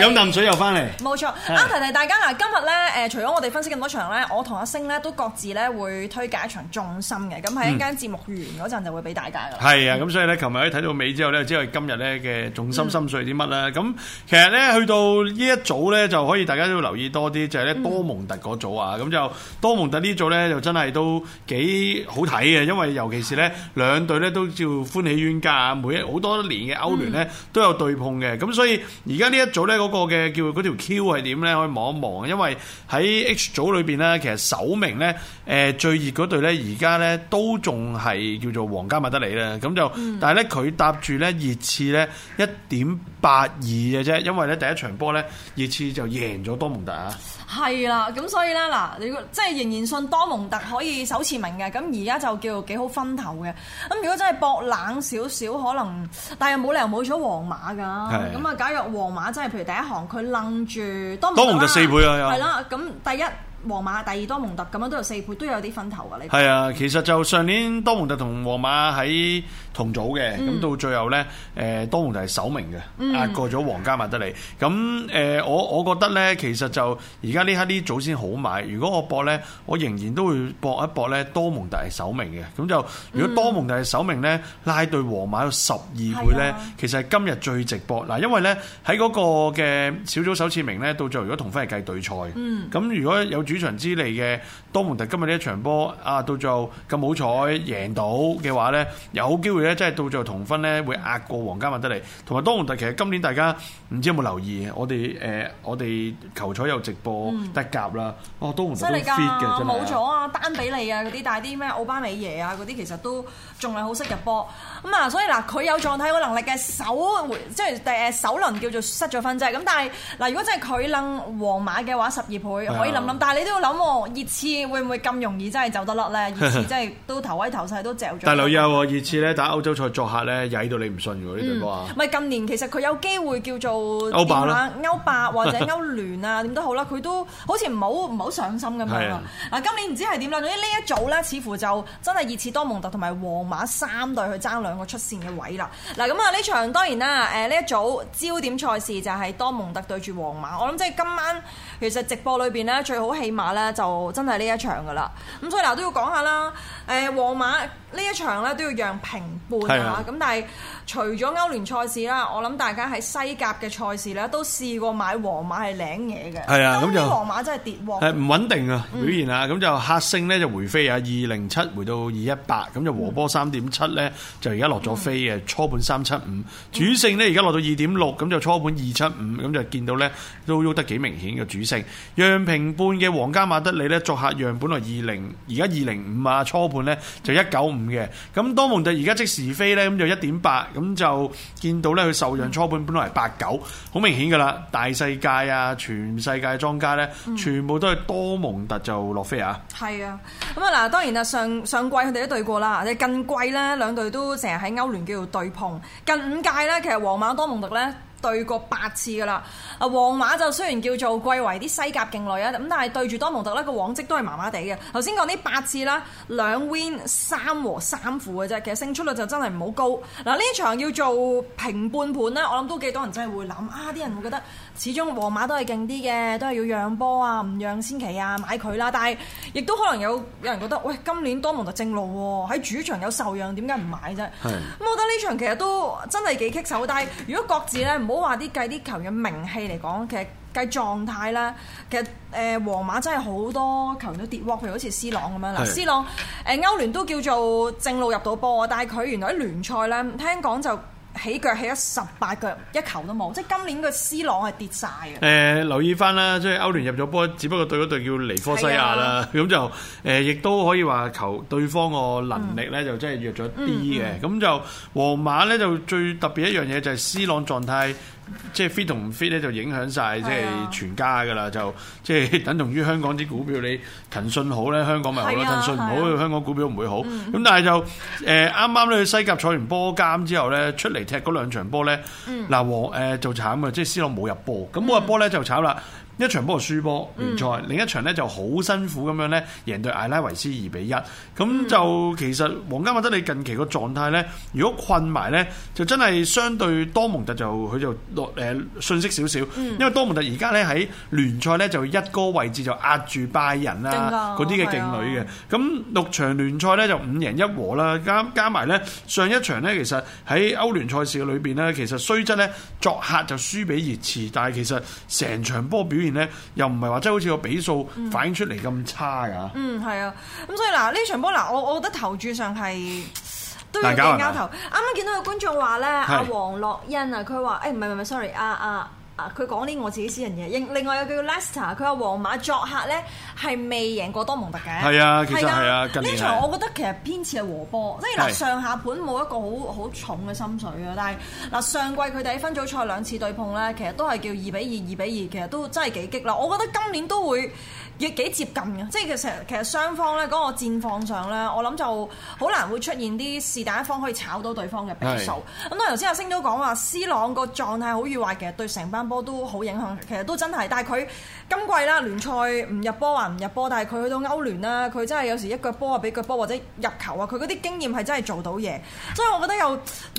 飲啖水又翻嚟，冇錯。啱提提大家嗱，今日咧誒，除咗我哋分析咁多場咧，我同阿聲咧都各自咧會推介一場重心嘅，咁喺間節目完嗰陣就會俾大家。係啊，咁所以咧，琴日咧睇到尾之後咧，知道今日咧嘅重心心碎啲乜啦。咁其實咧，去到呢一組咧，就可以大家都要留意多啲，就係咧多蒙特嗰組啊。咁就多蒙特呢組咧，就真係都幾好睇嘅，因為尤其是咧兩隊咧都叫歡喜冤家啊，每一好多年嘅歐聯咧都有對碰嘅，咁所以而家呢一組咧。嗰個嘅叫嗰條 Q 係點咧？可以望一望，因為喺 H 組裏邊咧，其實首名咧，誒最熱嗰隊咧，而家咧都仲係叫做皇家馬德里啦。咁就，嗯、但係咧佢搭住咧熱刺咧一點八二嘅啫。因為咧第一場波咧熱刺就贏咗多蒙特啊。係啦，咁所以咧嗱，你即係仍然信多蒙特可以首次名嘅。咁而家就叫幾好分頭嘅。咁如果真係搏冷少少，可能但係又冇理由冇咗皇馬㗎。咁啊，是的 假若皇馬真係譬如。第一行佢愣住，多紅就四倍啊！係 啦，咁第一。皇馬第二多蒙特咁樣都有四倍都有啲分頭噶，你係啊，其實就上年多蒙特同皇馬喺同組嘅，咁、嗯、到最後咧，誒多蒙特係首名嘅，壓、嗯、過咗皇家馬德里。咁誒、呃，我我覺得咧，其實就而家呢刻啲組先好買。如果我搏咧，我仍然都會搏一搏咧，多蒙特係首名嘅。咁就如果多蒙特係首名咧，拉對皇馬有十二倍咧，嗯、其實係今日最值博嗱，因為咧喺嗰個嘅小組首次名咧，到最後如果同分係計對賽，咁如果有。主場之利嘅多蒙特今日呢一場波啊，到最後咁好彩贏到嘅話咧，有機會咧，即係到最後同分咧，會壓過皇家馬德里。同埋多蒙特其實今年大家唔知有冇留意，我哋誒、呃、我哋球彩有直播得夾啦。嗯、哦，多蒙特都 fit 嘅，冇咗啊，單比利啊嗰啲，但係啲咩奧巴美耶啊嗰啲，其實都仲係好識入波。咁啊，所以嗱，佢有狀態有能力嘅首即係誒首輪叫做失咗分啫。咁但係嗱，如果真係佢掕皇馬嘅話，十二倍可以諗諗。你都要諗喎，熱刺會唔會咁容易真係走得甩咧？熱刺真係都頭威頭勢都掉咗。大劉優喎，熱刺咧打歐洲賽作客咧，曳到你唔信㗎呢隊波啊！唔係、嗯嗯、近年其實佢有機會叫做歐霸巴啦、歐霸或者歐聯啊，點都好啦，佢都好似唔好唔好上心咁樣。嗱， 是的 今年唔知係點啦。總之呢一組咧，似乎就真係熱刺、多蒙特同埋皇馬三隊去爭兩個出線嘅位啦。嗱，咁啊呢場當然啦，誒呢一組焦點賽事就係多蒙特對住皇馬。我諗即係今晚。其實直播裏邊咧，最好起碼咧就真係呢一場㗎喇。咁所以嗱都要講下啦。誒，皇馬。呢一場咧都要讓平半啊，咁的但係除咗歐聯賽事啦，我諗大家喺西甲嘅賽事咧都試過買皇馬係領嘢嘅，係啊的，咁就皇馬真係跌喎，係唔穩定啊、嗯、表現啊，咁就客勝呢就回飛啊，二零七回到二一八，咁就和波三點七咧就而家落咗飛嘅，嗯、初盤三七五主勝呢而家落到二點六，咁就初盤二七五，咁就見到咧都喐得幾明顯嘅主勝，讓平半嘅皇家馬德里呢，作客讓本來二零而家二零五啊，初盤呢，就一九五。嘅，咁多蒙特而家即時飛咧，咁就一點八，咁就見到咧，佢受讓初盤本來八九，好明顯噶啦，大世界啊，全世界莊家咧，全部都係多蒙特就落飛啊，係啊，咁啊嗱，當然啊，上上季佢哋都對過啦，你近季咧兩隊都成日喺歐聯叫做對碰，近五屆咧，其實皇馬多蒙特咧。對過八次㗎喇，啊，皇馬就雖然叫做貴為啲西甲勁旅啊，咁但係對住多蒙特呢個往績都係麻麻地嘅。頭先講呢八次啦，兩 win 三和三負嘅啫，其實勝出率就真係唔好高。嗱，呢場要做平半盤咧，我諗都幾多人真係會諗啊，啲人會覺得始終皇馬都係勁啲嘅，都係要讓波啊，唔讓先奇啊，買佢啦。但係亦都可能有有人覺得，喂，今年多蒙特正路喎，喺主場有受讓，點解唔買啫？係咁，我覺得呢場其實都真係幾棘手。但係如果各自呢。唔好。唔好話啲計啲球員嘅名氣嚟講，其實計狀態啦，其實誒，皇馬真係好多球員都跌，譬如好似 C 朗咁樣。嗱，C 是的朗誒，歐聯都叫做正路入到波，但係佢原來喺聯賽咧，聽講就。起腳起咗十八腳，一球都冇。即係今年個 C 朗係跌晒。嘅、呃。誒留意翻啦，即係歐聯入咗波，只不過對嗰隊叫尼科西亞啦，咁的 就誒、呃、亦都可以話求對方個能力咧，嗯、就真係弱咗啲嘅。咁、嗯、就皇馬咧就最特別一樣嘢就係 C 朗狀態。即係 fit 同唔 fit 咧，就影響晒是、啊，即係全家噶啦，就即係等同於香港啲股票，你騰訊好咧，香港咪好咯；是啊、騰訊唔好，是啊、香港股票唔會好。咁、嗯、但係就誒啱啱咧，呃、去西甲坐完波監之後咧，出嚟踢嗰兩場波咧，嗱黃誒就慘啊！即係 C 朗冇入波，咁冇入波咧就慘啦。嗯嗯。一場波就輸波聯賽。嗯、另一場咧就好辛苦咁樣咧，贏對艾拉維斯二比一、嗯。咁就其實皇家馬德里近期個狀態咧，如果困埋咧，就真係相對多蒙特就佢就落誒、呃、遜色少少，嗯、因為多蒙特而家咧喺聯賽咧就一哥位置就壓住拜仁啦、啊，嗰啲嘅勁旅嘅。咁、哦啊、六場聯賽咧就五贏一和啦，加加埋咧上一場咧其實喺歐聯賽事裏邊咧，其實雖則咧作客就輸畀熱刺，但係其實成場波表現。咧又唔係話真係好似個比數反映出嚟咁差㗎？嗯，嗯，係啊，咁所以嗱，呢場波嗱，我我覺得投注上係都有啲嘅壓頭，啱啱見到個觀眾話咧，阿黃樂欣是、哎、Sorry, 啊，佢話，誒，唔係唔係，sorry，啊啊。啊！佢講啲我自己私人嘢。另另外有叫 Lester，佢話皇馬作客咧係未贏過多蒙特嘅。係啊的，其實係啊，呢的場我覺得其實偏似係和波，即係嗱上下盤冇一個好好重嘅心水啊。但係嗱上季佢哋喺分組賽兩次對碰咧，其實都係叫二比二、二比二，其實都真係幾激烈。我覺得今年都會。亦幾接近嘅，即係其實其實雙方咧嗰個戰況上咧，我諗就好難會出現啲是但一方可以炒到對方嘅比數。咁當頭先阿星都講話，C 朗個狀態好與壞，其實對成班波都好影響。其實都真係，但係佢今季啦聯賽唔入波還唔入波，但係佢去到歐聯啦，佢真係有時一腳波啊，俾腳波或者入球啊，佢嗰啲經驗係真係做到嘢。所以我覺得又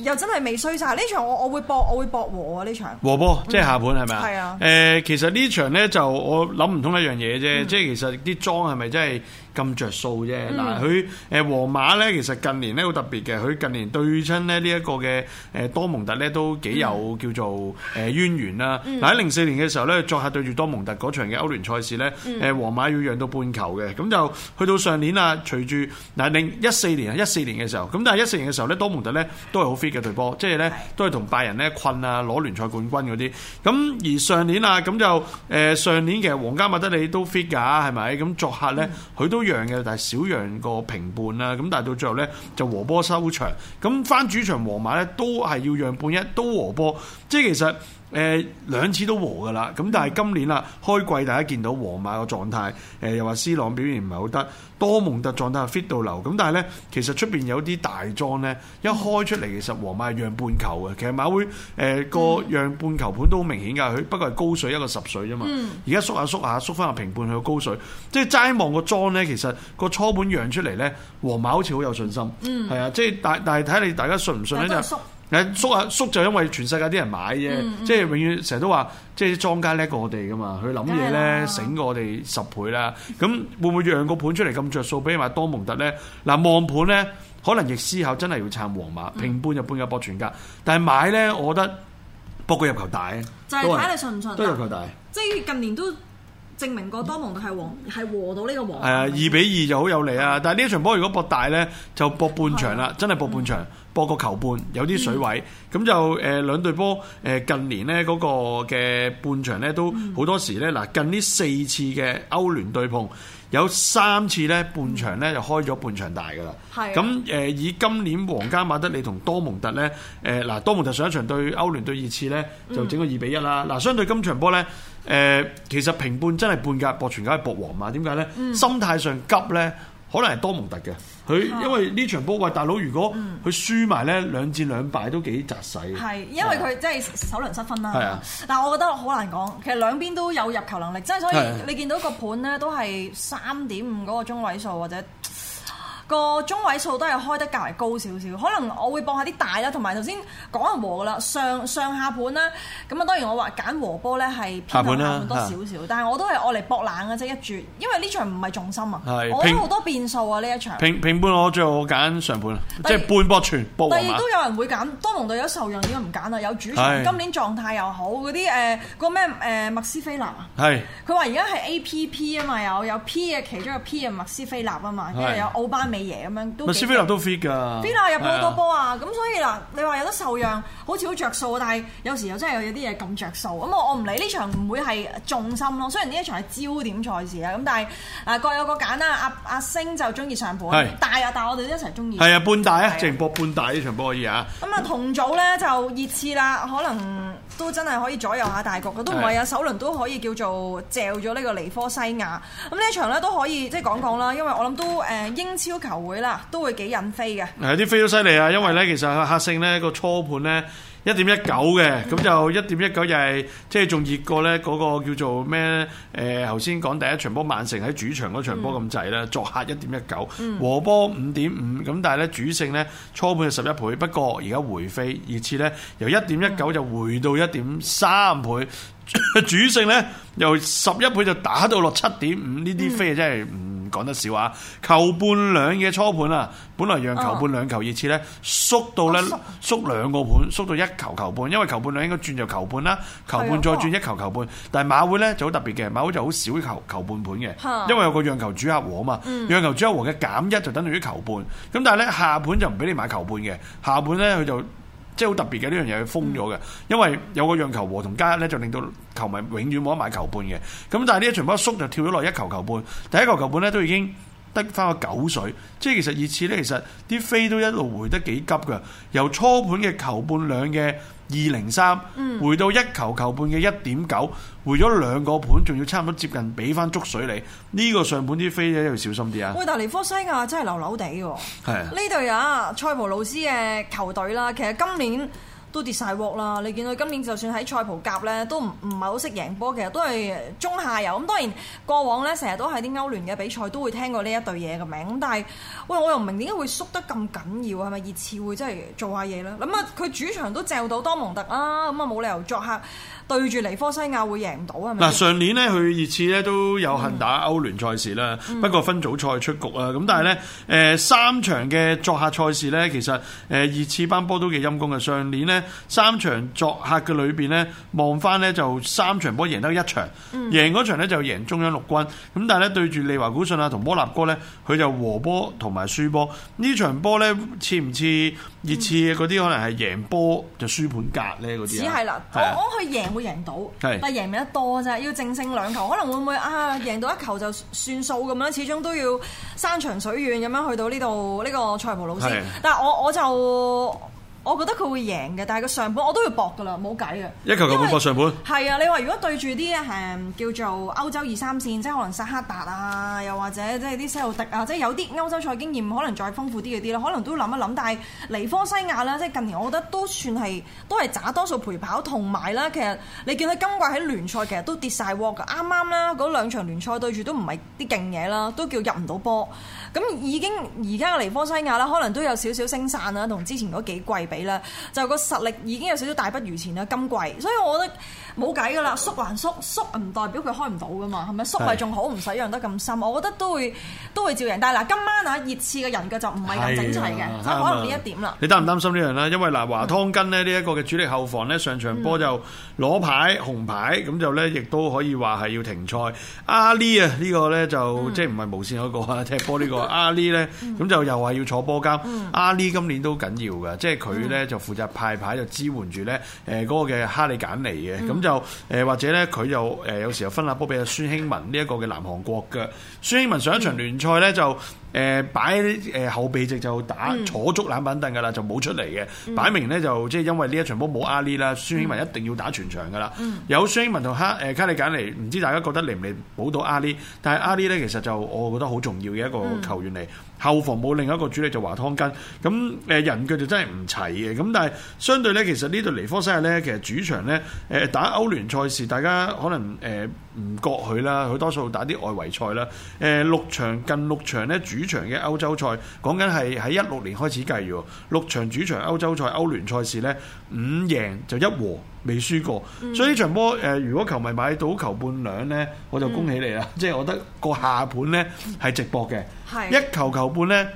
又真係未衰晒。呢場，我我會搏，我會搏和啊呢場。和波即係下盤係咪啊？係啊。誒，其實呢場呢，就我諗唔通一樣嘢啫。即係其實啲妝係咪真係？咁着數啫，嗱，佢誒皇馬咧，其實近年咧好特別嘅，佢近年對親咧呢一個嘅誒、呃、多蒙特咧都幾有叫做誒、呃、淵源啦。嗱喺零四年嘅時候咧，作客對住多蒙特嗰場嘅歐聯賽事咧，誒皇、嗯、馬要讓到半球嘅，咁就去到上年啊，隨住嗱零一四年啊，一四年嘅時候，咁但係一四年嘅時候咧，多蒙特咧都係好 fit 嘅隊波，即係咧都係同拜仁咧困啊攞聯賽冠軍嗰啲。咁而上年啊，咁就誒上、呃、年其實皇家馬德里都 fit 㗎，係咪？咁作客咧佢都。嗯讓嘅，但係小讓個平半啦，咁但係到最後咧就和波收場，咁翻主場皇馬咧都係要讓半一，都和波，即係其實。誒，兩次都和噶啦，咁但係今年啦，開季大家見到皇馬嘅狀態，誒又話 C 朗表現唔係好得，多蒙特狀態係 fit 到流，咁但係咧，其實出邊有啲大莊咧，一開出嚟其實皇馬係讓半球嘅，其實馬會誒個、呃、讓半球盤都好明顯㗎，佢不過係高水一個十水啫嘛，而家縮下縮下縮翻個平半去個高水，即係齋望個莊咧，其實個初盤讓出嚟咧，皇馬好似好有信心，嗯，係啊，即係但但係睇你大家信唔信咧就。縮啊縮就因為全世界啲人買啫，即係永遠成日都話，即係莊家叻過我哋噶嘛，佢諗嘢咧，醒過我哋十倍啦。咁 會唔會讓個盤出嚟咁着數？比如買多蒙特咧，嗱、啊、望盤咧，可能逆思考真係要撐皇馬，嗯、平半就半價博全家。但係買咧，我覺得博個入球大，就係睇你信唔信，都入球大。啊、即係近年都證明過多蒙特係皇，係和到呢個皇。係啊的，二嗎比二就好有利啊。但係呢場波如果博大咧，就博半場啦，真係博半場。博個球半有啲水位，咁、嗯、就誒、呃、兩隊波誒、呃、近年呢嗰、那個嘅半場呢都好多時呢，嗱，近呢四次嘅歐聯對碰有三次呢半場呢就開咗半場大噶啦，咁誒是、啊呃、以今年皇家馬德里同多蒙特呢，誒、呃、嗱多蒙特上一場對歐聯對二次呢就整個二比一啦，嗱相對今場波呢，誒、呃、其實平半真係半格博全家係博皇馬，點解呢？心態上急呢。可能係多蒙特嘅佢，因為呢場波喂大佬，如果佢輸埋咧、嗯、兩戰兩敗都幾揦西，係因為佢即係首輪失分啦。係啊的，但係我覺得好難講，其實兩邊都有入球能力，即係所以你見到個盤咧都係三點五嗰個中位數或者。個中位數都係開得較為高少少，可能我會博下啲大啦，同埋頭先講人和噶啦，上上下盤啦，咁啊當然我話揀和波咧係偏下盤多少少，但係我都係愛嚟搏冷嘅啫一注，因為呢場唔係重心啊，我有好多變數啊呢一場。平平盤我最後揀上盤，即係半波全波。但係亦都有人會揀，多蒙隊有受讓點解唔揀啊？有主場今年狀態又好，嗰啲誒個咩誒麥斯菲臘啊，係佢話而家係 A P P 啊嘛，有有 P 啊，其中嘅 P 啊，麥斯菲臘啊嘛，跟住有奧巴美。嘅嘢咁樣都，斯菲納都 fit 㗎，菲納入咗好多波啊，咁、啊哎、呀 所以嗱，你話有得受讓，好似好着數啊，但係有時又真係有啲嘢咁着數，咁我我唔理呢場唔會係重心咯，雖然呢一場係焦點賽事啊，咁但係啊各有各揀啦，阿阿星就中意上盤，的大啊大，但我哋都一齊中意，係啊半大啊，淨博的半大呢場波可以啊，咁啊同組咧就熱刺啦，可能都真係可以左右下大局，都唔係啊，首輪都可以叫做掟咗呢個尼科西亞，咁呢說一場咧都可以即係講講啦，因為我諗都誒英超。球會啦，都會幾引飛嘅。誒啲飛都犀利啊！因為咧，其實客勝呢個初盤呢，就是，一點一九嘅，咁就一點一九又係即係仲熱過咧嗰個叫做咩誒？頭先講第一場波曼城喺主場嗰場波咁滯啦，作客一點一九，和波五點五。咁但係咧主勝呢，初盤係十一倍，不過而家回飛，而次呢，由一點一九就回到一點三倍，主勝呢，由十一倍就打到落七點五。呢啲飛真係唔～講得少啊！球半兩嘅初盤啊，本來讓球半兩球熱切呢，縮到呢，縮兩個盤，縮到一球球半，因為球半兩應該轉就球半啦，球半再轉一球球半。但係馬會呢就好特別嘅，馬會就好少球球半盤嘅，因為有個讓球主客和啊嘛，讓球主客和嘅減一就等於球半。咁但係呢，下盤就唔俾你買球半嘅，下盤呢，佢就。即係好特別嘅呢樣嘢封咗嘅，因為有個讓球和同加一咧，就令到球迷永遠冇得買球半嘅。咁但係呢一場波縮就跳咗落一球球半，第一球球半咧都已經。得翻個九水，即係其實熱刺呢，其實啲飛都一路回得幾急噶，由初盤嘅球半兩嘅二零三，嗯，回到一球、嗯、球半嘅一點九，回咗兩個盤，仲要差唔多接近俾翻足水你，呢、這個上盤啲飛一定要小心啲啊！尼科西亞真係流流地喎，係啊的，呢隊啊，塞浦路斯嘅球隊啦、啊，其實今年。都跌晒鑊啦！你見到今年就算喺塞浦甲呢，都唔唔係好識贏波其實，都係中下游咁。當然過往呢成日都喺啲歐聯嘅比賽都會聽過呢一隊嘢嘅名。但係，喂，我又唔明點解會縮得咁緊要，係咪熱刺會真係做下嘢呢？咁啊，佢主場都掙到多蒙特啦，咁啊冇理由作客。對住尼科西亞會贏唔到啊！嗱，上年咧佢熱刺咧都有幸打歐聯賽事啦，嗯、不過分組賽出局啊。咁、嗯、但係咧，誒三場嘅作客賽事咧，其實誒熱刺班波都幾陰功嘅。上年咧三場作客嘅裏邊咧，望翻咧就三場波贏得一場，嗯、贏嗰場咧就贏中央陸軍。咁但係咧對住利華古信啊同摩納哥咧，佢就和波同埋輸波。呢場波咧似唔似熱刺嗰啲可能係贏波就輸盤格咧嗰啲只係啦，我去贏。會贏到，但係贏唔得多啫。要正勝兩球，可能會唔會啊？贏到一球就算數咁樣，始終都要山長水遠咁樣去到呢度呢個塞浦路斯。是的 但係我我就。我覺得佢會贏嘅，但係個上盤我都要搏噶啦，冇計嘅。一球球我搏上盤。係啊，你話如果對住啲誒叫做歐洲二三線，即係可能薩克達啊，又或者即係啲西奧迪啊，即係有啲歐洲賽經驗，可能再豐富啲嗰啲咧，可能都諗一諗。但係尼科西亞咧，即係近年我覺得都算係都係渣，多數陪跑。同埋咧，其實你見到今季喺聯賽其實都跌晒鑊嘅，啱啱啦，嗰兩場聯賽對住都唔係啲勁嘢啦，都叫入唔到波。咁已經而家嘅尼科西亞咧，可能都有少少星散啦，同之前嗰幾季比。啦，就個實力已經有少少大不如前啦，今季，所以我覺得。冇計㗎啦，縮還縮，縮唔代表佢開唔到㗎嘛，係咪縮係仲好，唔使讓得咁深，我覺得都會都會照贏。但係嗱，今晚啊熱刺嘅人嘅就唔係咁整齊嘅，就可能呢一點啦。你擔唔擔心呢樣咧？因為嗱，華湯根呢，呢一個嘅主力後防呢，上場波就攞牌紅牌，咁就呢，亦都可以話係要停賽。阿 Lee 啊呢個呢，就即係唔係無線嗰個踢波呢個阿 Lee 呢，咁就又話要坐波監。阿 Lee 今年都緊要㗎，即係佢呢，就負責派牌就支援住呢，誒嗰個嘅哈利簡尼嘅，咁又誒、呃、或者咧，佢又誒有時候分下波俾阿孫興文，呢一個嘅南韓國腳。孫興文上一場聯賽咧就。誒、呃、擺誒後備席就打、嗯、坐足冷板凳㗎啦，就冇出嚟嘅。嗯、擺明咧就即係因為呢一場波冇阿里啦，孫興文一定要打全場㗎啦。嗯、有孫興文同黑誒卡利簡尼，唔知大家覺得嚟唔嚟補到阿里？但係阿里咧其實就我覺得好重要嘅一個球員嚟。嗯、後防冇另一個主力就華湯根。咁誒人腳就真係唔齊嘅。咁但係相對咧，其實呢度尼科西塞尼科西亞咧，其實主場咧誒打歐聯賽事，大家可能誒唔覺佢啦。佢多數打啲外圍賽啦。誒六場，六場近六場咧主場嘅歐洲賽，講緊係喺一六年開始計喎，六場主場歐洲賽歐聯賽事呢五贏就一和，未輸過，嗯、所以呢場波誒、呃，如果球迷買到球半兩呢，我就恭喜你啦，嗯、即係我覺得個下盤呢係直搏嘅，的一球球半呢。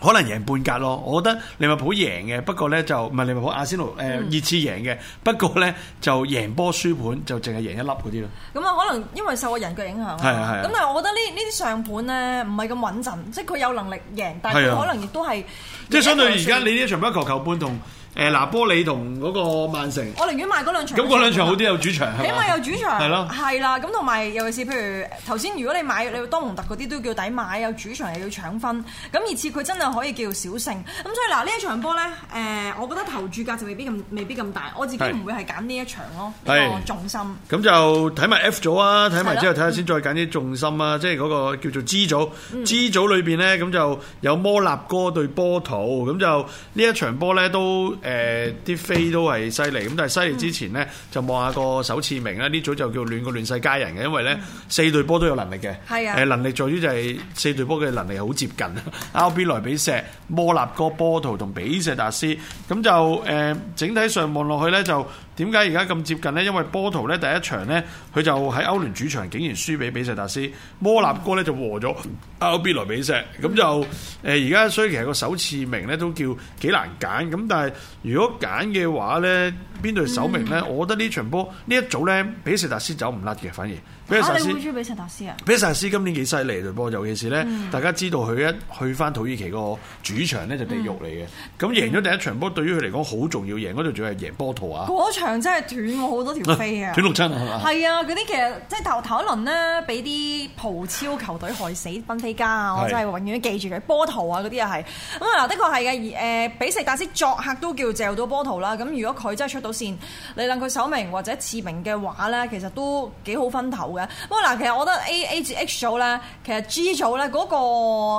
可能贏半格咯，我覺得利物浦贏嘅，不過咧就唔係利物浦阿仙奴誒熱刺贏嘅，不過咧就贏波輸盤就淨係贏一粒嗰啲咯。咁啊、嗯，可能因為受個人腳影響啦。係係係。咁但係我覺得呢呢啲上盤咧唔係咁穩陣，即係佢有能力贏，但係佢可能亦都係的。即係相對而家是你呢場球球盤同。誒嗱，波里同嗰個曼城，我寧願買嗰兩場。咁嗰兩場好啲，有主場係嘛？起碼有主場？係咯，係啦吧。咁同埋尤其是譬如頭先，如果你買你買多蒙特嗰啲都叫抵買，有主場又要搶分，咁而次佢真係可以叫小勝。咁所以嗱，呢一場波咧，誒、呃，我覺得投注價值未必咁未必咁大，我自己唔會係揀呢一場咯，呢的重心。咁就睇埋 F 組啊，睇埋之後睇下先，再揀啲重心啊，嗯、即係嗰個叫做 G 組。嗯、G 組裏邊咧，咁就有摩納哥對波圖，咁就呢一場波咧都。誒啲飛都係犀利，咁但係犀利之前呢，嗯、就望下個首次名啦。呢組就叫亂過亂世佳人嘅，因為呢，嗯、四隊波都有能力嘅。係啊、嗯呃，能力在於就係、是、四隊波嘅能力好接近。阿比、嗯、 萊比錫、摩納哥波、波圖同比錫達斯，咁就誒、呃、整體上望落去呢，就。點解而家咁接近呢？因為波圖咧第一場呢，佢就喺歐聯主場竟然輸俾比薩達斯，摩納哥咧就和咗，阿爾比萊比錫，咁就誒而家所以其實個首次名咧都叫幾難揀，咁但係如果揀嘅話呢，邊隊首名呢？嗯、我覺得呢場波呢一組呢，比薩達斯走唔甩嘅反而。啊、你會中意比薩達斯啊？比薩達斯今年幾犀利嘅噃，尤其是咧，嗯、大家知道佢一去翻土耳其個主場咧就地獄嚟嘅。咁贏咗第一場波，對於佢嚟講好重要。贏嗰度仲要係贏波圖啊！嗰場真係斷我好多條飛啊！啊斷六親係嘛？係啊！嗰啲其實即係頭頭一輪呢，俾啲葡超球隊害死賓菲加啊！我真係永遠記住佢是波圖啊！嗰啲啊係咁啊！嗱，的確係嘅。誒，比薩達斯作客都叫嚼到波圖啦。咁如果佢真係出到線，你諗佢首名或者次名嘅話咧，其實都幾好分頭。不過嗱，其實我覺得 A A 至 H 組咧，其實 G 組咧、那、嗰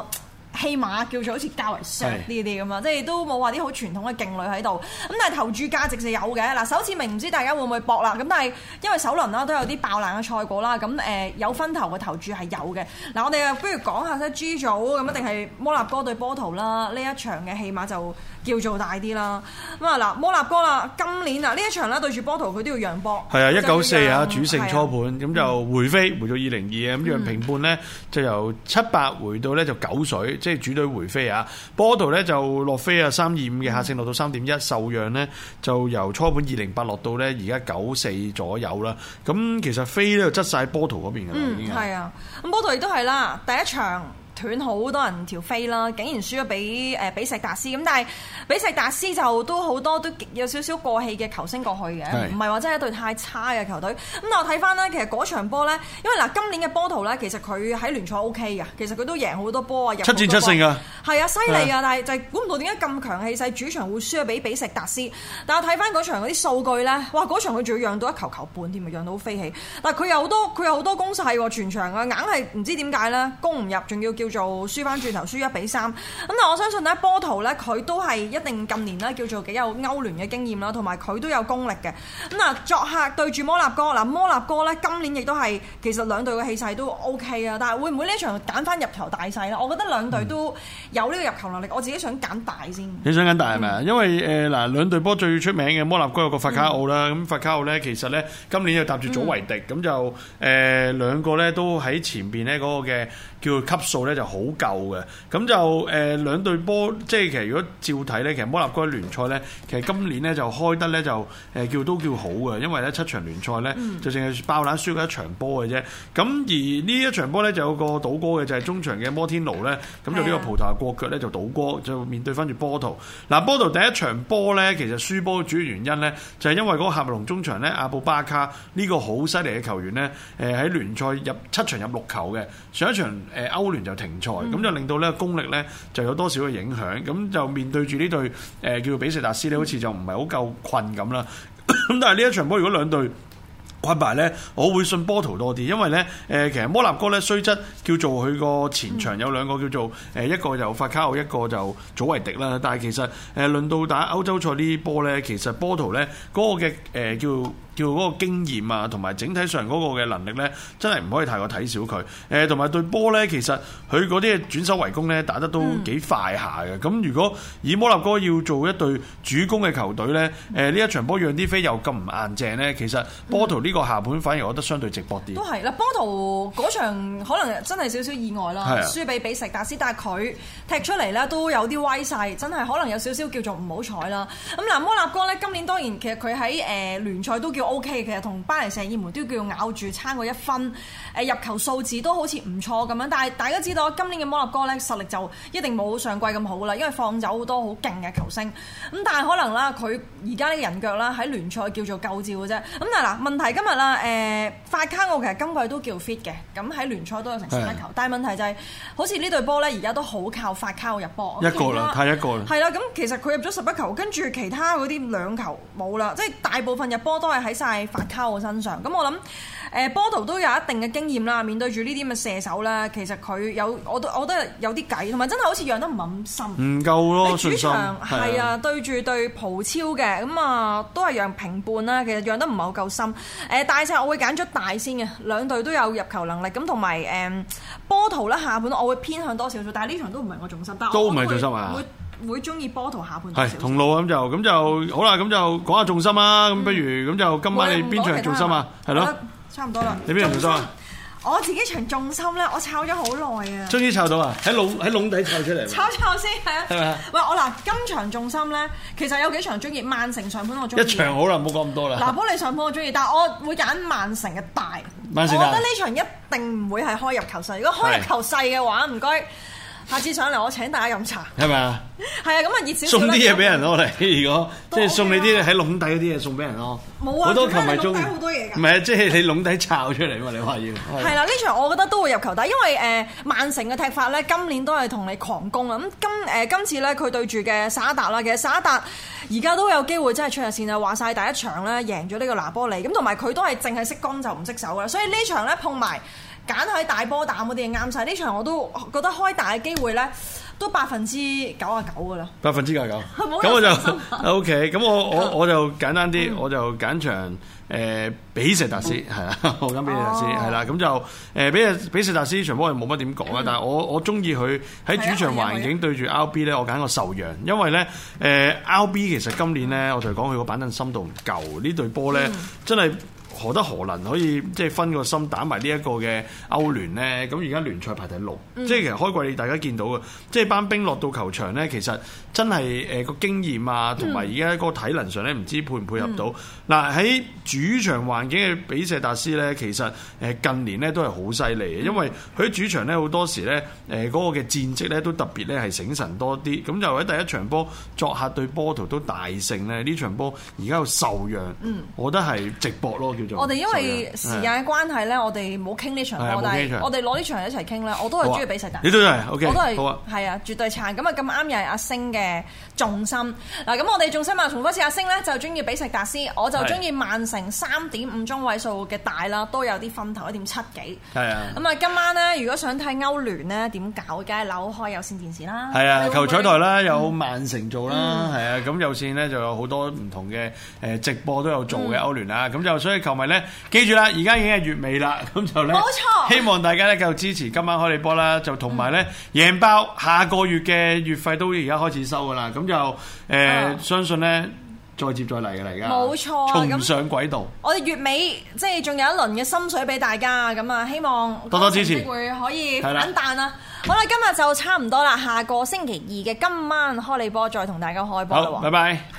個。戲碼叫做好似較為上呢啲咁啊，即係都冇話啲好傳統嘅勁旅喺度。咁但係投注價值就有嘅。嗱，首次明唔知大家會唔會博啦。咁但係因為首輪啦都有啲爆冷嘅賽果啦，咁誒有分頭嘅投注係有嘅。嗱，我哋啊不如講下先 G 組咁，一定係摩納哥對波圖啦？呢一場嘅戲碼就叫做大啲啦。咁啊嗱，摩納哥啦，今年啊呢一場啦對住波圖佢都要讓波。係啊，一九四啊主勝初盤咁就的回飛、嗯、回到二零二嘅咁，讓平半呢，就由七八回到呢，就九水。即係主隊回飛啊！波圖咧就落飛啊，三二五嘅客勝落到三點一，受讓咧就由初盤二零八落到咧而家九四左右啦。咁其實飛咧就執晒波圖嗰邊㗎喇，嗯，係啊，咁波圖亦都係啦，第一場。斷好多人條飛啦，竟然輸咗俾誒比石達斯咁，但係比石達斯就都好多都有少少過氣嘅球星過去嘅，唔係話真係一隊太差嘅球隊。咁我睇翻呢，其實嗰場波呢，因為嗱今年嘅波圖呢，其實佢喺聯賽 O K 嘅，其實佢都贏好多波啊，七戰七勝㗎，係啊犀利啊，的但係就係估唔到點解咁強氣勢主場會輸咗俾比石達斯。但我睇翻嗰場嗰啲數據呢，哇嗰場佢仲要讓到一球球半添啊，讓到飛起。但係佢有好多佢有好多攻勢喎，全場啊硬係唔知點解呢，攻唔入，仲要叫。做輸翻轉頭輸一比三咁，但我相信咧，波圖呢，佢都係一定近年咧叫做幾有歐聯嘅經驗啦，同埋佢都有功力嘅。咁啊，作客對住摩納哥嗱，摩納哥咧今年亦都係其實兩隊嘅氣勢都 OK 啊，但係會唔會呢一場揀翻入球大細呢？我覺得兩隊都有呢個入球能力，我自己想揀大先。你想揀大係咪啊？嗯、因為誒嗱，兩、呃、隊波最出名嘅摩納哥有個法卡奧啦，咁、嗯、法卡奧呢，其實咧今年又搭住祖維迪，咁、嗯、就誒兩、呃、個咧都喺前邊呢嗰個嘅。叫級數咧就好夠嘅，咁就誒、呃、兩對波，即係其實如果照睇咧，其實摩納哥聯賽咧，其實今年咧就開得咧就誒叫、呃、都叫好嘅，因為咧七場聯賽咧、嗯、就淨係爆冷輸過一場波嘅啫。咁而呢一場波咧就有個倒戈嘅，就係、是、中場嘅摩天奴咧，咁就呢個葡萄牙國腳咧就倒戈，就面對翻住波圖。嗱、啊，波圖第一場波咧其實輸波主要原因咧就係、是、因為嗰個喀麥隆中場咧阿布巴卡呢個好犀利嘅球員咧，誒喺聯賽入七場入六球嘅上一場。誒歐聯就停賽，咁就、嗯、令到呢個功力呢就有多少嘅影響，咁、嗯、就面對住呢對誒叫做比薩達斯呢好似就唔係好夠困咁啦。咁、嗯、 但係呢一場波如果兩隊困埋呢，我會信波圖多啲，因為呢，誒其實摩納哥呢雖則叫做佢個前場有兩個叫做誒一個就法卡奧，一個就祖維迪啦。但係其實誒輪到打歐洲賽呢波呢，其實波圖呢嗰個嘅誒叫。叫叫嗰個經驗啊，同埋整體上嗰個嘅能力咧，真係唔可以太過睇小佢。誒、呃，同埋對波咧，其實佢嗰啲轉手為攻咧，打得都幾快下嘅。咁、嗯、如果以摩納哥要做一隊主攻嘅球隊咧，誒、呃、呢一場波讓啲飛又咁唔硬正咧，其實波 o 呢個下盤反而我覺得相對直博啲，嗯。都係啦 b o t 嗰場可能真係少少意外啦，是啊，輸比俾食達斯達，但係佢踢出嚟咧都有啲威勢，真係可能有少少叫做唔好彩啦。咁嗱，摩納哥咧今年當然其實佢喺誒聯賽都叫。O.K. 其實同巴黎聖日耳門都叫咬住差過一分，誒入球數字都好似唔錯咁樣。但係大家知道今年嘅摩納哥咧實力就一定冇上季咁好啦，因為放走好多好勁嘅球星。咁但係可能啦，佢而家呢個人腳啦喺聯賽叫做救照嘅啫。咁但係嗱，問題今日啦，誒法卡奧其實今季都叫 fit 嘅，咁喺聯賽都有成十一球。對 但係問題就係好似呢隊波咧而家都好靠法卡奧入波，一個啦，太一個啦。係啦，咁其實佢入咗十一球，跟住其他嗰啲兩球冇啦，即係大部分入波都係。喺晒法卡我身上，咁我諗，誒波圖都有一定嘅經驗啦。面對住呢啲咁嘅射手咧，其實佢有，我都我都有啲計，同埋真係好似讓得唔係咁深，唔夠咯。主場係信心啊，啊對住對葡超嘅，咁、嗯、啊都係讓平半啦。其實讓得唔係好夠深。誒、呃、大細我會揀咗大先嘅，兩隊都有入球能力，咁同埋誒波圖咧下半我會偏向多少少，但係呢場都唔係我重心，都唔係重心啊。會中意波圖下半少係同路啊，咁就咁就好啦，咁就講下重心啦，咁、嗯、不如咁就今晚你邊場重心啊？係咯，吧差唔多啦。你邊場重心啊？我自己場重心咧，我炒咗好耐啊。終於炒到啊！喺籠喺籠底炒出嚟。炒炒先係啊。係咪啊？喂，我嗱今場重心咧，其實有幾場中意，曼城上盤我中意。一場好啦，唔好講咁多啦。嗱，波利上盤我中意，但係我會揀曼城嘅大。曼城。我覺得呢場一定唔會係開入球細。如果開入球細嘅話，唔該的。下次上嚟我請大家飲茶，係咪啊？係啊，咁啊熱少少。送啲嘢俾人攞嚟，如果即係送你啲喺籠底嗰啲嘢送俾人咯。冇啊，好多球迷中意好多嘢㗎。唔係即係你籠底摷出嚟啊嘛！你話要係啦。呢場我覺得都會入球底，因為誒曼城嘅踢法咧，今年都係同你狂攻啊。咁今誒今次咧，佢對住嘅沙達啦，其實沙達而家都有機會真係出線啊！話晒第一場咧贏咗呢個拿波里，咁同埋佢都係淨係識攻就唔識守啦，所以場呢場咧碰埋。揀喺大波膽我哋係啱晒。呢場我都覺得開大嘅機會咧都百分之九啊九嘅啦，百分之九十九。咁我就 O K，咁我我我就簡單啲，嗯、我就揀場誒、呃、比石達斯係啦，嗯、我揀比,、呃、比石達斯係啦，咁就誒比石比石達斯呢場波我冇乜點講啦，但係我我中意佢喺主場環境對住 R B 咧，我揀個受讓，因為咧誒、呃、R B 其實今年咧我就講佢個板凳深度唔夠，呢隊波咧真係。嗯真何德何能可以即係分個心打埋呢一個嘅歐聯咧？咁而家聯賽排第六，嗯、即係其實開季大家見到嘅，即係班兵落到球場咧，其實真係誒個經驗啊，同埋而家個體能上咧，唔知配唔配合到嗱，喺、嗯、主場環境嘅比錫達斯咧，其實誒近年咧都係好犀利嘅，因為佢喺主場咧好多時咧誒、呃那個嘅戰績咧都特別咧係醒神多啲，咁就喺第一場波作客對波圖都大勝咧，呢場波而家又受讓，嗯、我覺得係直播咯叫。我哋因為時間嘅關係咧，我哋冇傾呢場波啦。我哋攞呢場一齊傾啦。我都係中意比實達。你都係，OK。我都係，好啊。係啊，絕對撐。咁啊，咁啱又係阿星嘅重心。嗱，咁我哋重心啊，從開始阿星咧就中意比實達斯，我就中意曼城三點五中位數嘅大啦，都有啲分頭一點七幾。係啊。咁啊，今晚咧，如果想睇歐聯呢，點搞？梗係扭開有線電視啦。係啊，球彩台啦，有曼城做啦，係啊，咁有線呢，就有好多唔同嘅誒直播都有做嘅歐聯啦。咁就所以。同埋咧，記住啦，而家已經係月尾啦，咁就咧，冇錯希望大家咧繼續支持今晚開你波啦。就同埋咧，嗯、贏包下個月嘅月費都而家開始收噶啦。咁就誒，呃哎、呀相信咧再接再嚟嘅而家，冇錯，重上軌道。啊、我哋月尾即係仲有一輪嘅心水俾大家，咁啊，希望多多支持機會可以反彈啦。的好啦，今日就差唔多啦，下個星期二嘅今晚開你波，再同大家開波啦。好，拜拜。